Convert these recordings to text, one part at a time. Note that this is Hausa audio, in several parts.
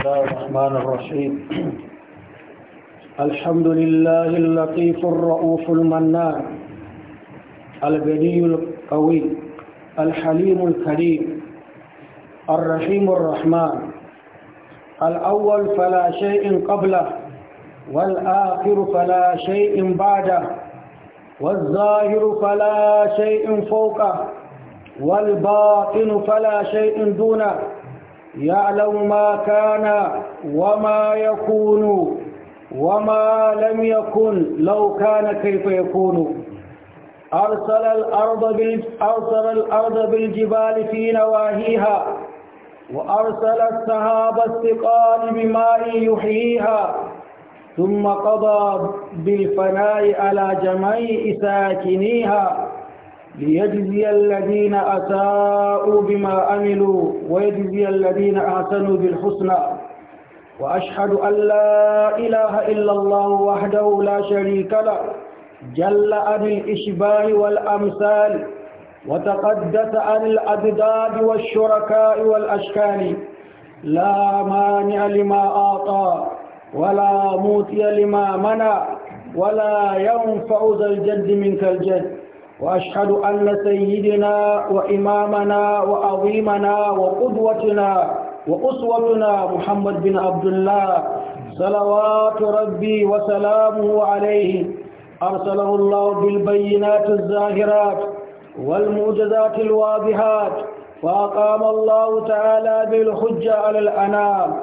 الله الرحمن الرحيم الحمد لله اللطيف الرؤوف المنان البني القوي الحليم الكريم الرحيم الرحمن الأول فلا شيء قبله والآخر فلا شيء بعده والظاهر فلا شيء فوقه والباطن فلا شيء دونه يعلم ما كان وما يكون وما لم يكن لو كان كيف يكون أرسل الأرض, بال... أرسل الأرض بالجبال في نواهيها وأرسل السحاب الثقال بماء يحييها ثم قضى بالفناء على جميع ساكنيها ليجزي الذين أساءوا بما أملوا ويجزي الذين أحسنوا بالحسنى وأشهد أن لا إله إلا الله وحده لا شريك له جل عن الإشباه والأمثال وتقدس عن الأضداد والشركاء والأشكال لا مانع لما أعطى ولا موتي لما منع ولا ينفع ذا الجد منك الجد وأشهد أن سيدنا وإمامنا وعظيمنا وقدوتنا وأسوتنا محمد بن عبد الله صلوات ربي وسلامه عليه أرسله الله بالبينات الزاهرات والموجزات الواضحات فأقام الله تعالى بالحجة على الأنام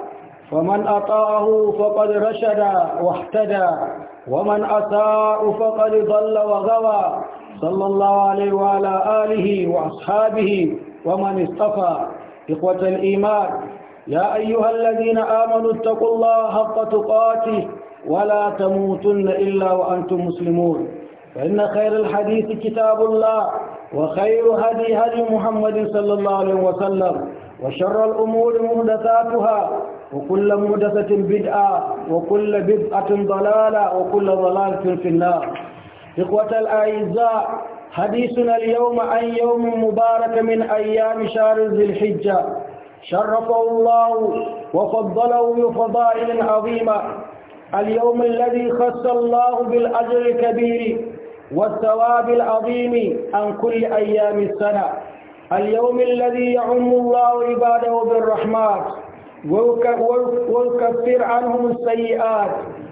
فمن أطاعه فقد رشد واهتدى ومن أساء فقد ضل وغوى صلى الله عليه وعلى آله وأصحابه ومن اصطفى إخوة الإيمان يا أيها الذين آمنوا اتقوا الله حق تقاته ولا تموتن إلا وأنتم مسلمون فإن خير الحديث كتاب الله وخير هدي هدي محمد صلى الله عليه وسلم وشر الأمور مهدثاتها وكل مهدثة بدعة وكل بدعة ضلالة وكل ضلالة في النار إخوة الأعزاء حديثنا اليوم عن يوم مبارك من أيام شهر ذي الحجة شرفه الله وفضله بفضائل عظيمة اليوم الذي خص الله بالأجر الكبير والثواب العظيم عن كل أيام السنة اليوم الذي يعم الله عباده بالرحمات ويكفر عنهم السيئات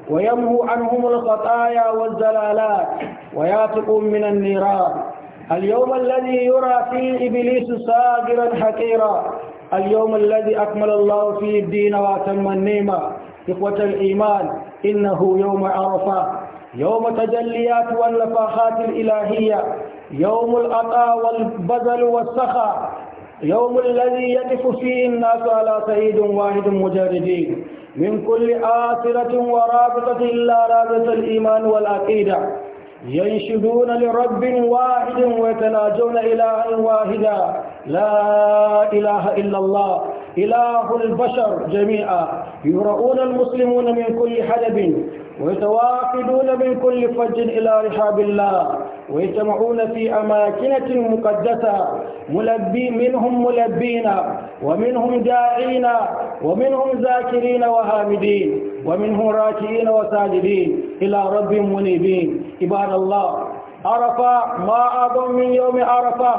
ويمهو عنهم الخطايا والزلالات ويعتقهم من النيران اليوم الذي يرى فيه إبليس ساجرا حقيرا اليوم الذي أكمل الله فيه الدين وأتم النعمة إخوة الإيمان إنه يوم عرفة يوم تجليات والنفاخات الإلهية يوم الأطى والبذل والسخاء يوم الذي يقف فيه الناس على سيد واحد مجردين من كل آثرة ورابطة إلا رابطة الإيمان والعقيدة ينشدون لرب واحد ويتناجون إلها واحدا لا إله إلا الله إله البشر جميعا يرؤون المسلمون من كل حدب ويتواقدون من كل فج إلى رحاب الله ويجتمعون في أماكن مقدسة ملبي منهم ملبين ومنهم داعين ومنهم ذاكرين وهامدين ومنهم راكعين وساجدين إلى رب منيبين عباد الله عرفة ما أعظم من يوم عرفة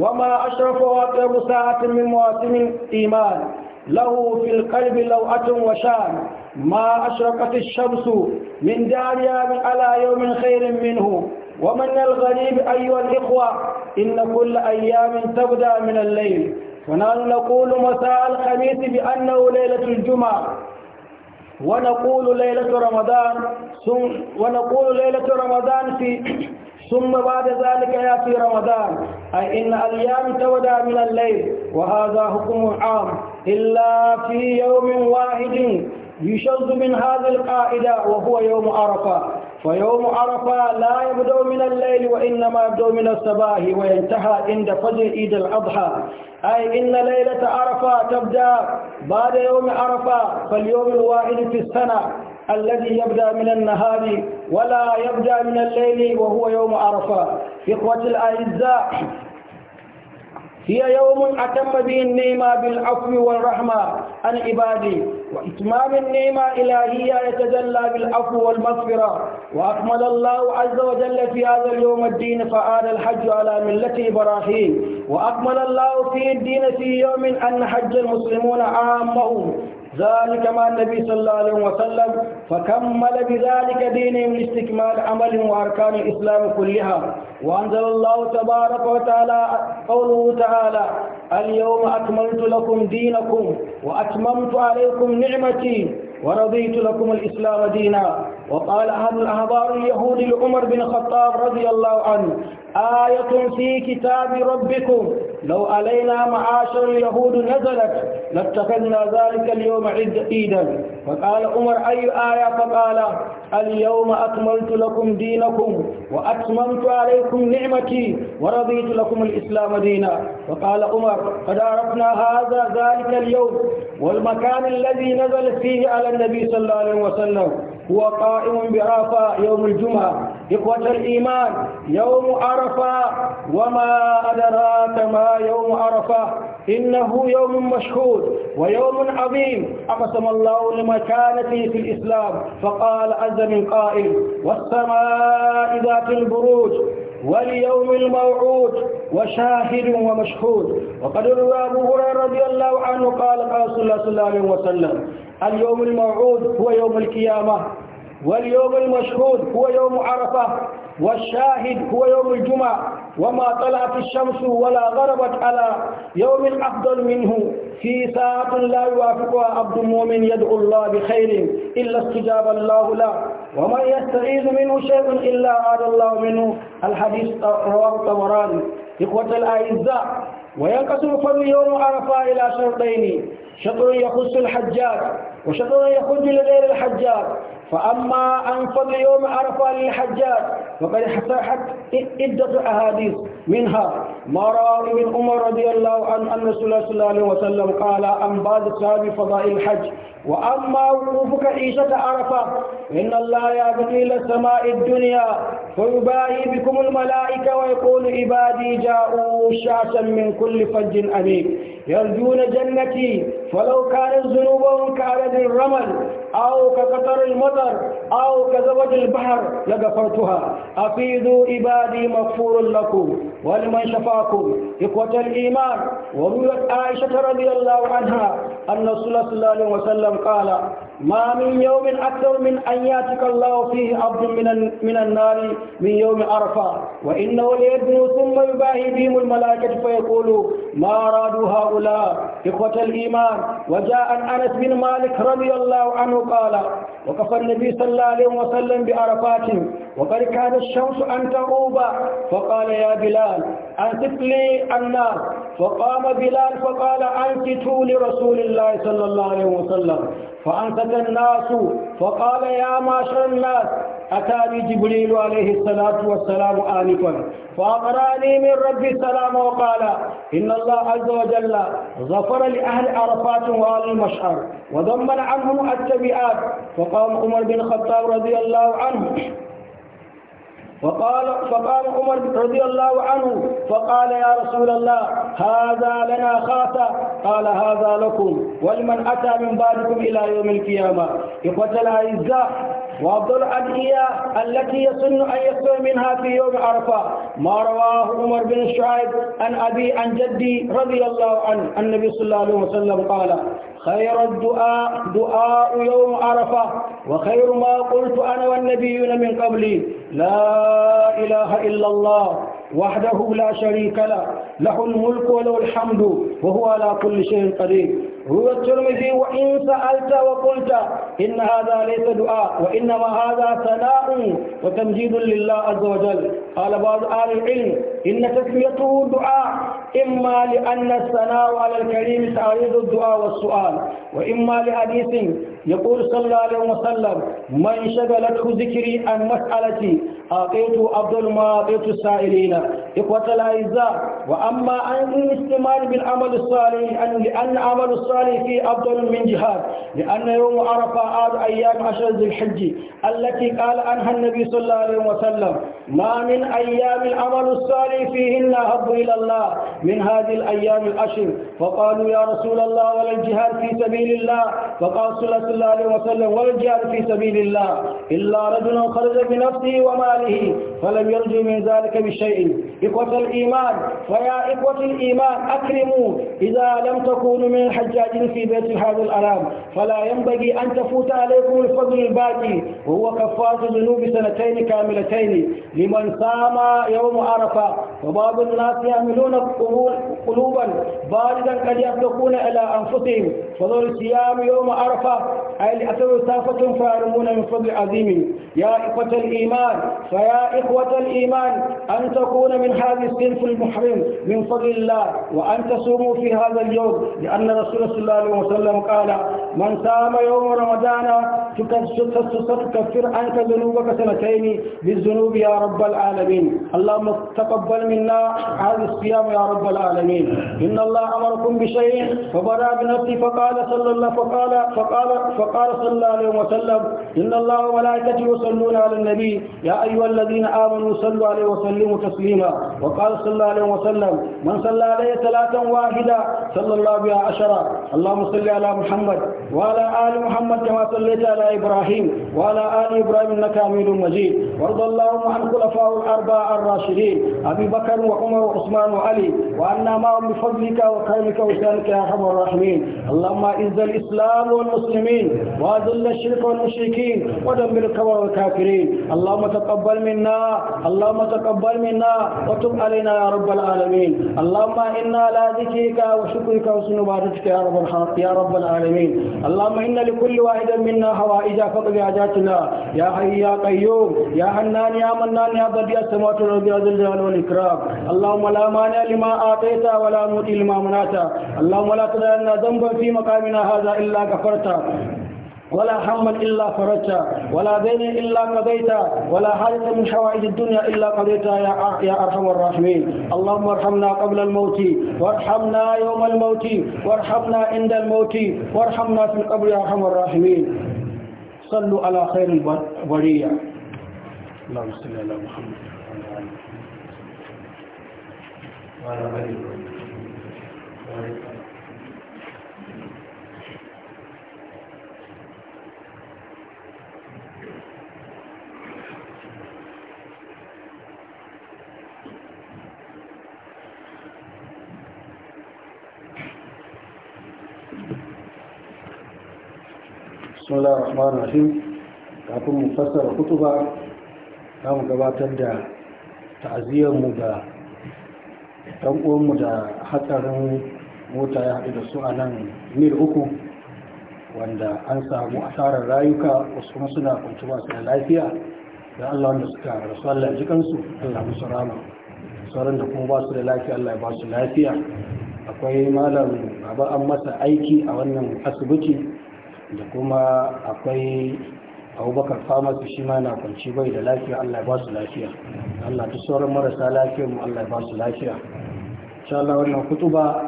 وما أشرف وأقرب ساعة من مواسم الإيمان له في القلب لوعة وشان ما أشرقت الشمس من داريا على يوم خير منه ومن الغريب أيها الإخوة إن كل أيام تبدأ من الليل ونحن نقول مساء الخميس بأنه ليلة الجمعة ونقول ليلة رمضان ثم ونقول ليلة رمضان في ثم بعد ذلك يأتي رمضان أي إن الأيام تودع من الليل وهذا حكم عام إلا في يوم واحد يشذ من هذا القاعدة وهو يوم عرفة فيوم عرفة لا يبدأ من الليل وإنما يبدأ من الصباح وينتهى عند فجر عيد الأضحى أي إن ليلة عرفة تبدأ بعد يوم عرفة فاليوم الواحد في السنة الذي يبدأ من النهار ولا يبدأ من الليل وهو يوم عرفة إخوة الأعزاء هي يوم أتم به النعمة بالعفو والرحمة عن عبادي وإتمام النعمة إلهية يتجلى بالعفو والمغفرة وأكمل الله عز وجل في هذا اليوم الدين فآل الحج على ملة إبراهيم وأكمل الله في الدين في يوم أن حج المسلمون عامهم ذلك مع النبي صلى الله عليه وسلم فكمل بذلك دينهم لاستكمال عمل واركان الاسلام كلها وأنزل الله تبارك وتعالى قوله تعالى اليوم أكملت لكم دينكم وأتممت عليكم نعمتي ورضيت لكم الإسلام دينا وقال أهل الأحبار اليهود لعمر بن الخطاب رضي الله عنه آية في كتاب ربكم لو علينا معاشر اليهود نزلت لاتخذنا ذلك اليوم عيد عيدا فقال عمر أي آية فقال اليوم أكملت لكم دينكم وأتممت عليكم نعمتي ورضيت لكم الإسلام دينا فقال عمر قد عرفنا هذا ذلك اليوم والمكان الذي نزل فيه على النبي صلى الله عليه وسلم هو قائم بعرفة يوم الجمعة إخوة الإيمان يوم عرفة وما أدراك ما يوم عرفة إنه يوم مشهود ويوم عظيم أقسم الله لمكانته في الإسلام فقال عز من قائل والسماء ذات البروج واليوم الموعود وشاهد ومشهود وقد روى أبو هريرة رضي الله عنه قال قال صلى الله عليه وسلم اليوم الموعود هو يوم القيامة واليوم المشهود هو يوم عرفة والشاهد هو يوم الجمعة وما طلعت الشمس ولا غربت على يوم أفضل منه في ساعة لا يوافقها عبد مؤمن يدعو الله بخير إلا استجاب الله له ومن يستعيذ منه شيء إلا عاد الله منه الحديث رواه الطبراني إخوة الأعزاء وينقسم فضل يوم عرفة إلى شرطين شطر يخص الحجاج وشطر يخرج لغير الحجاج فأما عن فضل يوم عرفة للحجاج وقد صحت عدة أحاديث منها ما رأى من عمر رضي الله عنه أن رسول الله صلى الله عليه وسلم قال عن بعض صحابي فضائل الحج وأما وقوفك عيشة عرفة إن الله يبني إلى السماء الدنيا فيباهي بكم الملائكة ويقول عبادي جاءوا شاشا من كل فج أمين يرجون جنتي فلو كانت ذنوبهم كعدد الرمل أو كقطر المطر أو كزوج البحر لغفرتها أفيدوا عبادي مغفور لكم ولمن شفاكم إخوة الإيمان ورويت عائشة رضي الله عنها أن رسول الله صلى الله عليه وسلم قال ما من يوم أكثر من أن ياتك الله فيه عبد من من النار من يوم عرفة وإنه ليدنو ثم يباهي بهم الملائكة فيقول ما أرادوا هؤلاء إخوة الإيمان وجاء عن أنس بن مالك رضي الله عنه قال وكفى النبي صلى الله عليه وسلم بعرفات وقد كان الشمس أن تغوب فقال يا بلال أنتت لي النار فقام بلال فقال أنتتوا لرسول الله صلى الله عليه وسلم فأنتت الناس فقال يا معشر الناس أتاني جبريل عليه الصلاة والسلام آنفا فأقراني من ربي السلام وقال إن الله عز وجل غفر لأهل عرفات وآل المشعر وضمن عنهم التبعات فقام عمر بن الخطاب رضي الله عنه فقال فقال عمر رضي الله عنه فقال يا رسول الله هذا لنا خاصة قال هذا لكم ولمن أتى من بعدكم إلى يوم القيامة إخوة الأعزاء وأفضل الأدعية التي يسن أن يصوم منها في يوم عرفة ما رواه عمر بن شعيب عن أبي عن جدي رضي الله عنه النبي صلى الله عليه وسلم قال خير الدعاء دعاء يوم عرفة وخير ما قلت أنا والنبيون من قبلي لا إله إلا الله وحده لا شريك له له الملك وله الحمد وهو على كل شيء قدير هو الترمذي وإن سألت وقلت إن هذا ليس دعاء وإنما هذا ثناء وتمجيد لله عز وجل قال بعض أهل العلم إن تسميته دعاء إما لأن الثناء على الكريم تعريض الدعاء والسؤال وإما لحديث يقول صلى الله عليه وسلم من شغلته ذكري عن مسألتي أعطيت عبد ما أعطيت السائلين إخوة الأعزاء وأما عن الاستمال بالعمل الصالح لأن عمل الصالح الأعمال في أفضل من جهاد لأن يوم عرفة عاد أيام عشر ذي الحج التي قال عنها النبي صلى الله عليه وسلم ما من أيام العمل الصالح فيهن أحب إلى الله من هذه الأيام العشر فقالوا يا رسول الله ولا الجهاد في سبيل الله فقال صلى الله عليه وسلم ولا الجهاد في سبيل الله إلا رجل خرج بنفسه وماله فلم يرجو من ذلك بشيء إخوة الإيمان فيا إخوة الإيمان أكرموا إذا لم تكونوا من الحجاج في بيت هذا الأرام فلا ينبغي أن تفوت عليكم الفضل الباقي وهو كفاز ذنوب سنتين كاملتين لمن صام يوم عرفة وبعض الناس يعملون قلوبا باردا قد يفتقون إلى أنفسهم فضل صيام يوم عرفة أي لأثر سافة فارمون من فضل عظيم يا إخوة الإيمان فيا إخوة إخوة الإيمان أن تكون من هذه الصنف المحرم من فضل الله وأن تصوموا في هذا اليوم لأن رسول صلى الله عليه وسلم قال من صام يوم رمضان تكفر عنك ذنوبك سنتين بالذنوب يا رب العالمين اللهم تقبل منا هذا الصيام يا رب العالمين إن الله أمركم بشيء فبرأ بنفسي فقال صلى الله فقال فقال فقال صلى الله عليه وسلم إن الله وملائكته يصلون على النبي يا أيها الذين آمنوا صلوا عليه وسلموا تسليما وقال صلى الله عليه وسلم من صلى عليه صلاة واحدة صلى الله بها عشرة اللهم صل على محمد وعلى آل محمد كما صليت على إبراهيم وعلى آل إبراهيم إنك حميد مجيد وارض اللهم عن الخلفاء الأربعة الراشدين أبي بكر وعمر وعثمان وعلي وعنا معهم بفضلك وكرمك وإحسانك يا أرحم الراحمين اللهم أعز الإسلام والمسلمين وأذل الشرك والمشركين ودمر الكفر والكافرين اللهم تقبل منا اللهم تقبل منا وتب علينا يا رب العالمين اللهم إنا لا ذكرك وشكرك وحسن عبادتك يا رب الحق يا رب العالمين اللهم إن لكل واحد منا حوائج فقد حاجاتنا يا حي يا قيوم يا حنان يا منان يا بديع السماوات والأرض يا ذا الجلال والإكرام اللهم لا مانع لما أعطيت ولا مؤتي لما منعت اللهم لا تدع لنا ذنبا في مقامنا هذا إلا غفرته ولا هما إلا فرجته ولا دين إلا قضيته ولا حاجة من حوائج الدنيا إلا قضيتها يا يا أرحم الراحمين اللهم ارحمنا قبل الموت وارحمنا يوم الموت وارحمنا عند الموت وارحمنا في القبر يا أرحم الراحمين صلوا على خير البرية اللهم صل على محمد وعلى آله وصحبه وسلم بسم الله الرحمن kafin mu fassara kutuba za mu gabatar da ta'aziyarmu da ɗan uwanmu da hatsarin mota ya haɗu da su a nan mil uku wanda an samu asarar rayuka wasu kuma suna kwanci su da lafiya da Allah wanda suka rasu Allah ji kansu rama sauran da kuma ba su da lafiya Allah ya ba lafiya akwai malam baba an masa aiki a wannan asibiti da kuma akwai abubakar famar shi ma na kwanci bai da lafiya allah ba su lafiya allah ta sauran marasa lafiya mu allah ba su lafiya insha allah wannan ba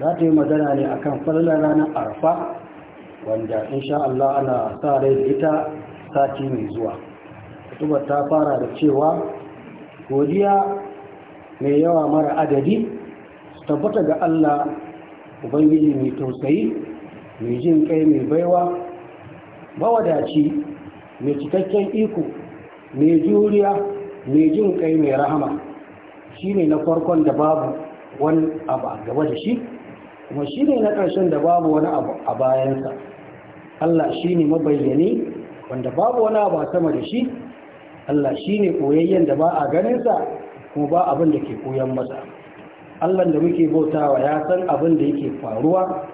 za ta yi magana ne a kan falalar ranar arfa wanda in sha allah ana sa rai da ita sati mai zuwa ba ta fara da cewa godiya mai yawa mara adadi Su tabbata ga allah ubangiji mai tausayi mai jin kai mai baiwa mawadaci mai cikakken iko mai juriya mai jin kai mai rahama shi ne na farkon da babu wani abu a gaba da shi kuma shi ne na ƙarshen da babu wani abu a bayansa Allah shi ne mabayyane wanda babu wani abu a sama da shi Allah shi ne koyayyen da ba a ganinsa kuma ba abin da ke koyan masa Allah da muke bautawa ya san abin da yake faruwa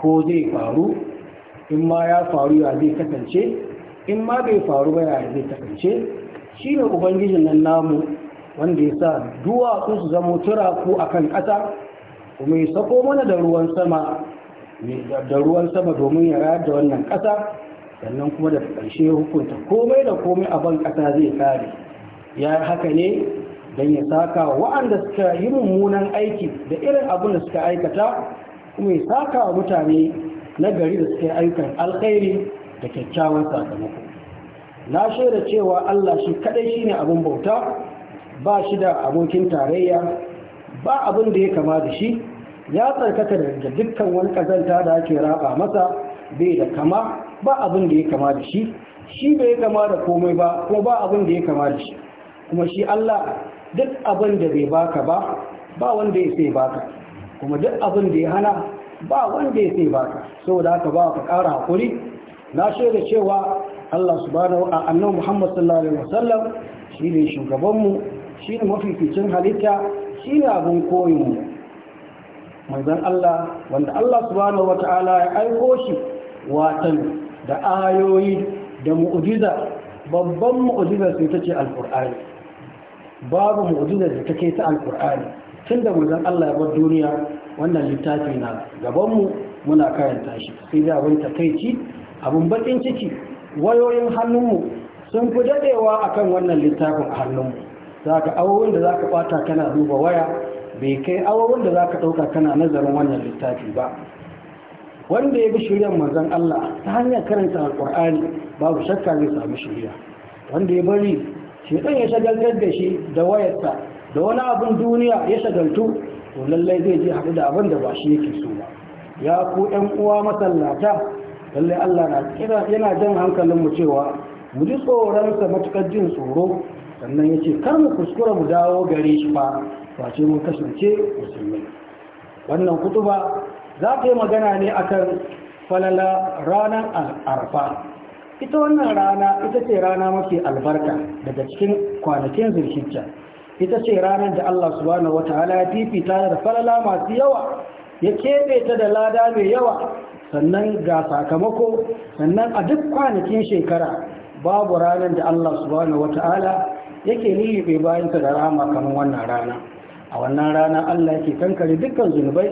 ko zai faru in ma ya faru ya zai kasance in ma bai faru ba ya zai kasance shi ne ubangijin nan namu wanda ya sa duwatsu su zama turaku a kan ƙasa kuma ya sako mana da ruwan sama da ruwan sama domin ya rayar da wannan ƙasa sannan kuma da ƙarshe hukunta komai da komai a ban ƙasa zai kare ya haka ne don ya saka wa'anda suka yi mummunan aiki da irin abin da suka aikata kuma ya saka wa mutane na gari da suke ayyukan alkhairi da kyakkyawan sakamako na shaida cewa Allah shi kadai ne abin bauta ba shi da abokin tarayya ba abin da ya kama da shi ya tsarkata da dukkan wani kazanta da ake raba masa bai da kama ba abin da ya kama da shi shi bai ya kama da komai ba kuma ba abin da ya kama da shi kuma shi Allah duk abin da bai baka ba ba wanda ya sai baka kuma duk abin da ya hana ba wanda ya sai baka saboda haka ba ka ƙara hakuri na shaida cewa Allah subhanahu wa annabi Muhammad sallallahu alaihi wasallam shine shugaban mu shine mafificin halitta shine abin koyin mu manzon Allah wanda Allah subhanahu wa ta'ala ya aiko shi watan da ayoyi da mu'jiza babban mu'jiza sai ta ce alqur'ani babu mu'jizar da take ta alqur'ani tun da manzon Allah ya bar duniya wannan littafi na gabanmu muna karanta shi sai da abin takaici abin bakin ciki wayoyin hannunmu sun fi dadewa akan wannan littafin a hannunmu za ka awowin da za ka bata kana duba waya bai kai awowin da za ka ɗauka kana nazarin wannan littafi ba wanda ya bi shiryan manzon Allah ta hanyar karanta alƙur'ani babu shakka zai samu shirya wanda ya bari shi ya shagaltar da shi da wayarsa da wani abin duniya ya shagaltu to lallai zai je haɗu da abin da ba shi yake so ba ya ku ɗan uwa masallata lallai Allah na kira yana jan hankalin mu cewa mu ji tsoron sa matukar jin tsoro sannan yace kar mu kuskura mu dawo gare shi fa face mun kasance musulmai wannan kutuba za ta yi magana ne akan falala ranar arfa ita wannan rana ita ce rana mafi albarka daga cikin kwanakin zulhijja ita ce ranar da Allah subhanahu wataala ya fifita da falala masu yawa ya keɓe ta da lada mai yawa sannan ga sakamako sannan a duk kwanakin shekara babu ranar da Allah subhanahu wataala yake lilibe ta da rama kamar wannan rana a wannan rana Allah yake kankare dukkan zunubai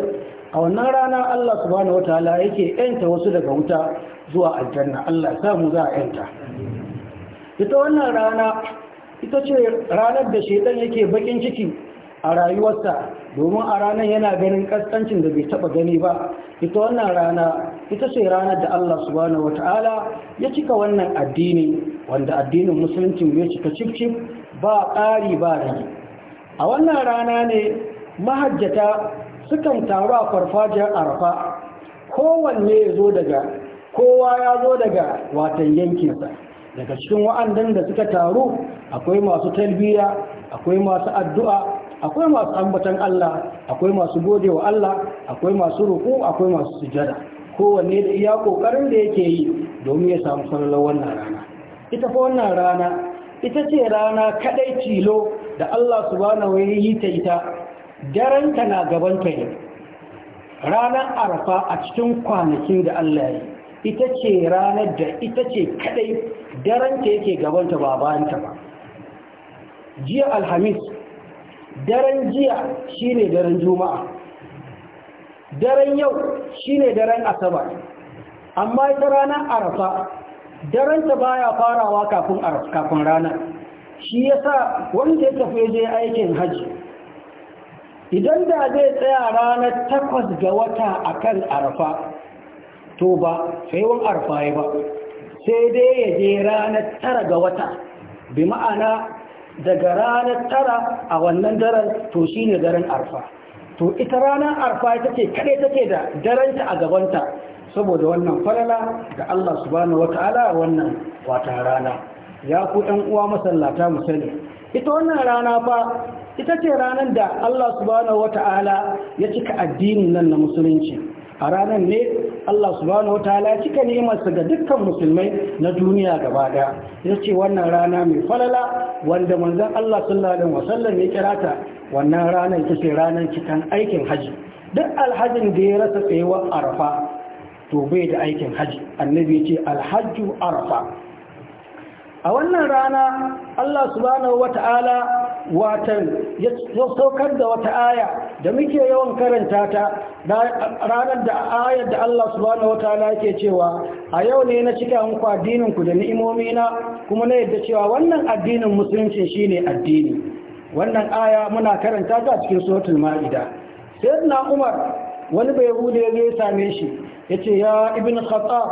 a wannan rana Allah subhanahu wataala yake yanta wasu daga wuta zuwa aljanna Allah ya samu za a yanta ita wannan rana ita ce ranar da shaidan yake bakin ciki a rayuwarsa domin a ranar yana ganin kaskancin da bai taba gani ba ita wannan rana ita ce ranar da Allah subhanahu wata'ala ya cika wannan addini wanda addinin musuluncin ya cika cif ba ƙari ba rage a wannan rana ne mahajjata sukan taru a farfajiyar arfa kowanne ya zo daga kowa ya zo daga watan yankinsa daga cikin wa'andan da suka taru akwai masu talbiya akwai masu addu'a akwai masu ambatan Allah akwai masu gode wa Allah akwai masu ruku akwai masu sujada kowanne da iya kokarin da yake yi domin ya samu sanarwar wannan rana ita fa wannan rana ita ce rana kadai tilo da Allah subhanahu wa yi ta ita daren ta na gaban ta ne ranar arfa a cikin kwanakin da Allah ya yi ita ce ranar da ita ce kadai daranta yake gabanta ba bayanta ba jiya alhamis daren jiya shine daren juma'a daren yau shine daren asabar amma ita ranar arafa daranta baya farawa kafin kafin ranar shi yasa wanda ya tafi je aikin hajji idan da zai tsaya ranar takwas ga wata akan arafa to ba sai wani arfaye ba sai dai ya je ranar tara ga wata bi ma'ana daga ranar tara a wannan daren to shi ne daren arfa to ita ranar arfa ita ce kaɗai take da darenta a gabanta saboda wannan falala da Allah subhanahu wata'ala wannan wata rana ya ku ɗan uwa masallata mu sani ita wannan rana fa ita ce ranar da Allah subhanahu wata'ala ya cika addinin nan na musulunci a ranar ne Allah subhanahu wataala ya cika ni'imarsa ga dukkan musulmai na duniya gaba daya yace wannan rana mai falala wanda manzon Allah sallallahu alaihi wasallam ya kira ta wannan ranar ita ce ranar cikan aikin haji duk alhajin da ya rasa tsayuwar arafa to bai da aikin haji annabi ya ce alhajju arafa a wannan rana Allah subhanahu wata'ala watan ya saukar da wata aya da muke yawan karanta ta ranar da ayar da Allah subhanahu wata'ala yake cewa a yau ne na cika muku addinin ku da ni'imomi na kuma na yadda cewa wannan addinin musulunci shine addini wannan aya muna karanta ta cikin suratul ma'ida sayyidina Umar wani bai hude ya same shi yace ya ibn khattab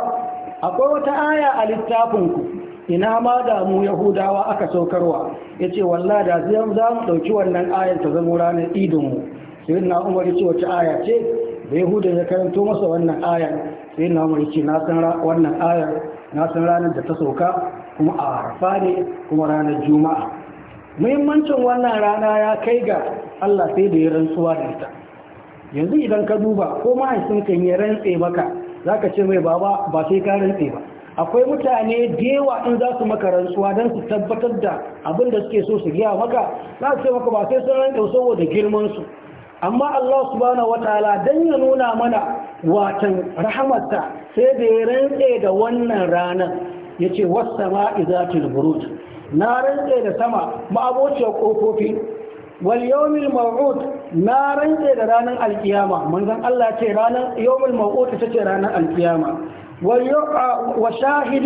akwai wata aya a littafin ku ina ma da mu yahudawa aka saukarwa ya ce walla da za mu ɗauki wannan ayar ta zama ranar idonmu. sai na umar ya ce wace aya ce da yahuda ya karanto masa wannan ayar sai na umar ya ce na san wannan ayar na san ranar da ta sauka kuma a harfa ne kuma ranar juma'a muhimmancin wannan rana ya kai ga allah sai da ya rantsuwa da ita yanzu idan ka duba ko ma'aikin kan ya rantse maka zaka ce mai baba ba sai ka rantse ba akwai mutane dewa in za su maka rantsuwa don su tabbatar da abin da suke so su giya maka za su maka ba sai sun rantsa da girmansu amma Allah subhanahu wataala don ya nuna mana watan rahamarta sai da ya rantse da wannan ranar Ya yace was-sama izatul buruj na rantse da sama ma'abociyar kofofi wal yawmil maw'ud na rantse da ranar alkiyama manzon Allah ce ranar yawmil ta ce ranar alkiyama وشاهد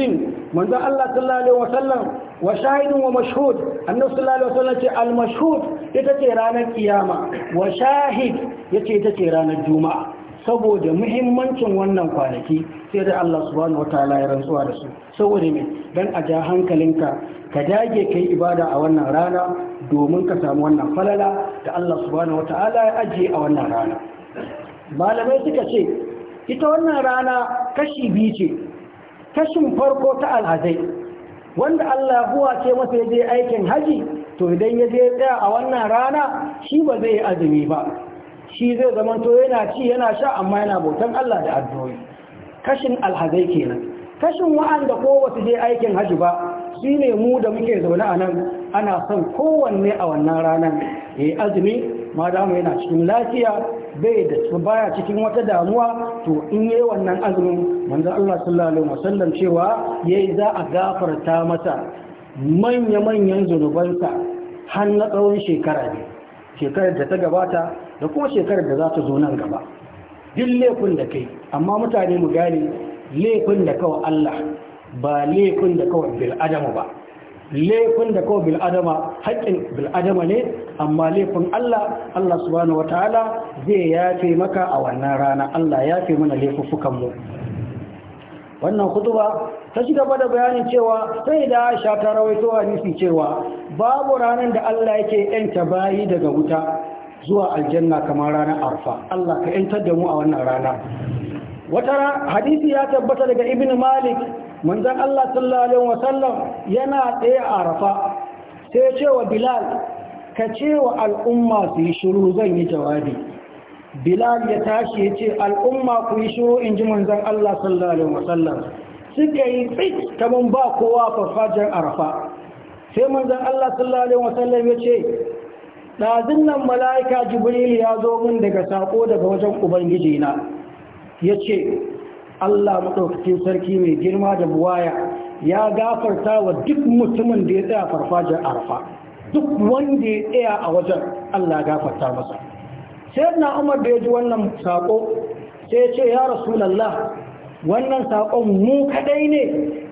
من ذا الله صلى الله عليه وسلم وشاهد ومشهود النبي صلى الله عليه وسلم المشهود يتتي رانا القيامة وشاهد يتتي رانا الجمعة saboda muhimmancin wannan kwanaki sai da Allah subhanahu wataala ya rantsuwa da su saboda mai, dan a ja hankalinka ka dage kai ibada a wannan rana domin ka samu wannan falala da Allah subhanahu wataala ya ajiye a wannan rana malamai suka ce ita wannan rana kashi biyu ce kashin farko ta alhazai wanda Allah huwa ce masa ya je aikin haji to idan ya je tsaya a wannan rana shi ba zai yi azumi ba shi zai zamanto yana ci yana sha amma yana bautan Allah da addu'o'i kashin alhazai kenan kashin wa'anda ko wasu je aikin haji ba shi ne mu da muke zaune a nan ana son kowanne a wannan ranar ya yi azumi ma yana cikin lafiya bai da baya cikin wata damuwa to in yi wannan azumin manzon Allah sallallahu alaihi wasallam cewa yayi za a gafarta masa manya-manyan zunubansa har na tsawon shekara ne shekarar da ta gabata da kuma shekarar da za ta zo nan gaba duk laifin da kai amma mutane mu gane laifin da kawai Allah ba laifin da kawai adamu ba laifin da kawai bil'adama haƙƙin bil'adama ne amma laifin Allah Allah subhanahu wataala zai yafe maka a wannan rana Allah yafe mana laifuffukan mu wannan kutuba ta shiga gaba da bayanin cewa sai da Aisha ta rawaito hadisi cewa babu ranar da Allah yake yanta bayi daga wuta zuwa aljanna kamar ranar Arfa Allah ka yantar da mu a wannan rana wata hadisi ya tabbata daga Ibn Malik manzan Allah sallallahu alaihi wasallam yana tsaye a Arafa sai ce wa Bilal ka ce wa al'umma su yi shiru zan yi jawabi Bilal ya tashi ya ce al'umma ku yi shiru in ji manzan Allah sallallahu alaihi wasallam suka yi tsit ba kowa farfajiyar Arafa sai manzan Allah sallallahu alaihi wasallam ya ce ɗazin nan mala'ika jibril ya zo min daga saƙo daga wajen ubangiji na ya ce Allah maɗaukakin sarki mai girma da buwaya ya gafarta wa duk mutumin da ya tsaya farfajar arfa duk wanda ya tsaya a wajen Allah gafarta masa sai na umar da ya ji wannan saƙo sai ya ce ya rasulallah wannan saƙon mu kaɗai ne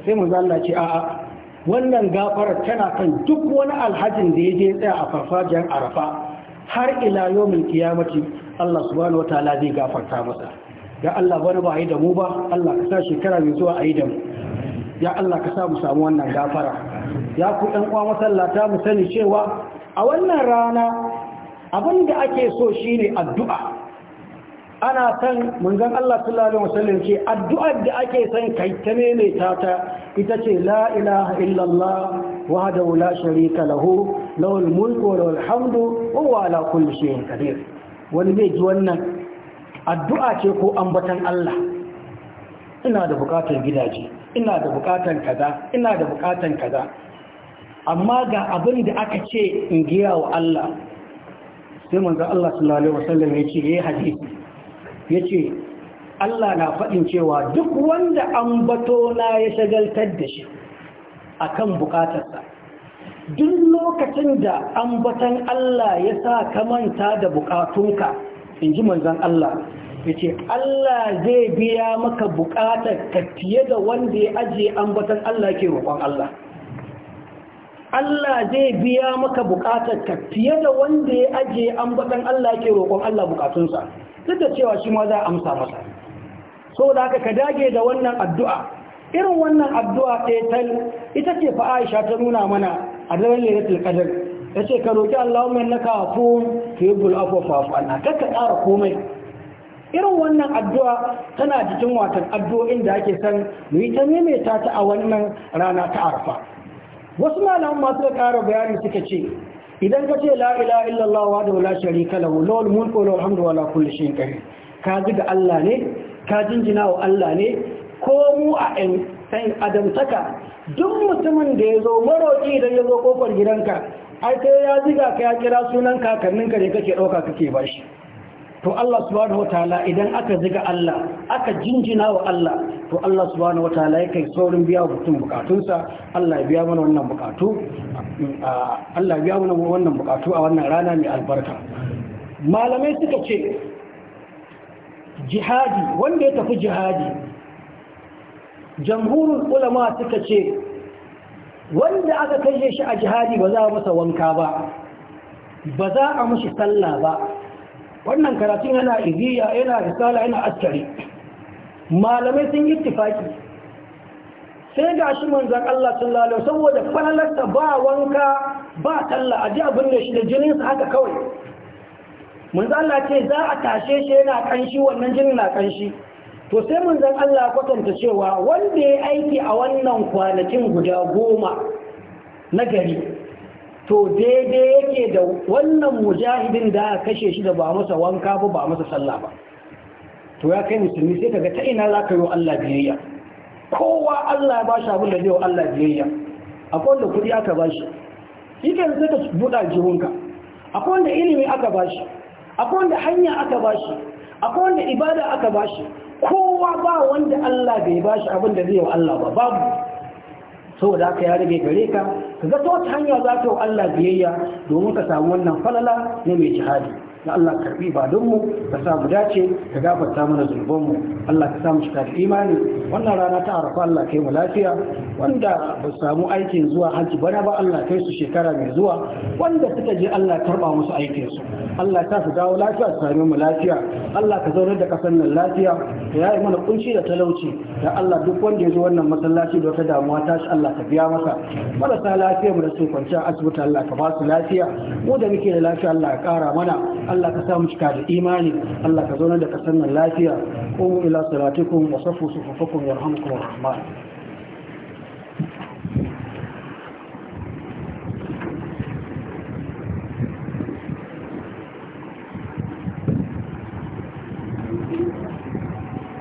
sai mu zalla ce a'a wannan gafarar tana kan duk wani alhajin da ya je tsaya a farfajiyar arafa har ila yomin kiyamaci, Allah subhanahu wataala zai gafarta masa ya Allah wani ba a yi da mu ba Allah ka sa shekara mai zuwa a yi da mu ya Allah ka sa mu samu wannan gafara ya ku ɗan kwa masallata mu sani cewa a wannan rana abin da ake so shine addu'a ana san munzan Allah sallallahu alaihi wasallam ce addu'ar da ake san kai ta mene ta ta ita ce la ilaha illallah wahdahu la sharika lahu lahul mulku wa hamdu wa wala kulli shay'in qadir wani zai ji wannan addu'a ce ko ambatan Allah ina da bukatar gidaje ina da bukatar kaza ina da bukatar kaza amma ga abin da aka ce in giya wa Allah sai manzo Allah sallallahu alaihi wasallam ya ce yayi hadisi yace Allah na faɗin cewa duk wanda an bato na ya shagaltar da shi akan bukatarsa duk lokacin da ambatan Allah ya sa ka manta da bukatunka in ji manzan Allah ya ce Allah zai biya maka bukatar ka fiye da wanda ya ajiye ambatan Allah ke roƙon Allah Allah zai biya maka bukatar ka fiye da wanda ya ajiye ambatan Allah ke roƙon Allah bukatunsa duk da cewa shi ma za a amsa masa saboda aka ka dage da wannan addu'a irin wannan addu'a ɗaya ita ce fa Aisha ta nuna mana a daren lera tilkadar ya ce ka roƙi Allahumma innaka a tuhibbul afwa fa'fu anna ka ƙara komai irin wannan addu'a tana jikin watan addu'o'in da ake san mu yi ta maimaita ta a wannan rana ta arfa wasu malaman masu da ƙara bayani suka ce idan ka ce la illallah wa da mulku hamdu wala kulli ka ji Allah ne ka jinjina wa Allah ne ko mu a adamtaka, duk mutumin da ya zo maroƙi idan ya zo kofar gidanka ai sai ya ziga ka ya kira sunan kakannin ka ne kake ɗauka kake bashi to Allah subhanahu wataala idan aka ziga Allah aka jinjina wa Allah to Allah subhanahu wataala yake saurin biya mutum bukatunsa Allah ya biya mana wannan bukatu Allah ya biya mana wannan bukatu a wannan rana mai albarka malamai suka ce jihadi wanda ya tafi jihadi jamhurul ulama suka ce wanda aka kashe shi a jihadi ba za a masa wanka ba ba za a mashi sallah ba wannan karatun yana iziya yana risala yana askari malamai sun yi tifaki sai ga shi manzan Allah sun lalau saboda falalarsa ba wanka ba talla a ji abin da shi da jininsa haka kawai manzan Allah ce za a tashe shi yana kanshi wannan jinin na kanshi to sai mun zan Allah kwatanta cewa wanda ya aiki a wannan kwanakin guda goma na gari to daidai yake da wannan mujahidin da aka kashe shi da ba masa wanka ba ba masa sallah ba to ya kai musulmi sai kaga ta ina za ka yi wa Allah biyayya kowa Allah ya bashi abin da zai yi Allah biyayya akwai wanda kuɗi aka bashi shi kan sai ka buɗa jihunka akwai wanda ilimi aka bashi akwai wanda hanya aka bashi akwai wanda ibada aka bashi kowa ba wanda Allah bai ba shi abin da zai wa Allah ba babu saboda haka ya rage gare ka ka ga ta wata hanya za ta wa Allah biyayya domin ka samu wannan falala na mai jihadi Na Allah karbi badun mu ka sa mu dace ka gafarta mana zunuban mu Allah ka sa mu shiga imani wannan rana ta arafa Allah kai mu lafiya wanda ba samu aikin zuwa haji bana ba Allah kai su shekara mai zuwa wanda suka je Allah karba musu aikin su Allah ta su dawo lafiya su same mu lafiya Allah ka zaunar da kasan nan lafiya ya yi mana kunci da talauci da Allah duk wanda ya zo wannan masallaci da wata damuwa ta shi Allah ka biya masa marasa lafiya mu da su kwanciya asibiti Allah ka ba su lafiya mu da muke da lafiya Allah ya kara mana Allah ka samu cika da imani Allah ka zauna da kasar nan lafiya qumu ila salatikum wa saffu sufufakum yarhamukum rahman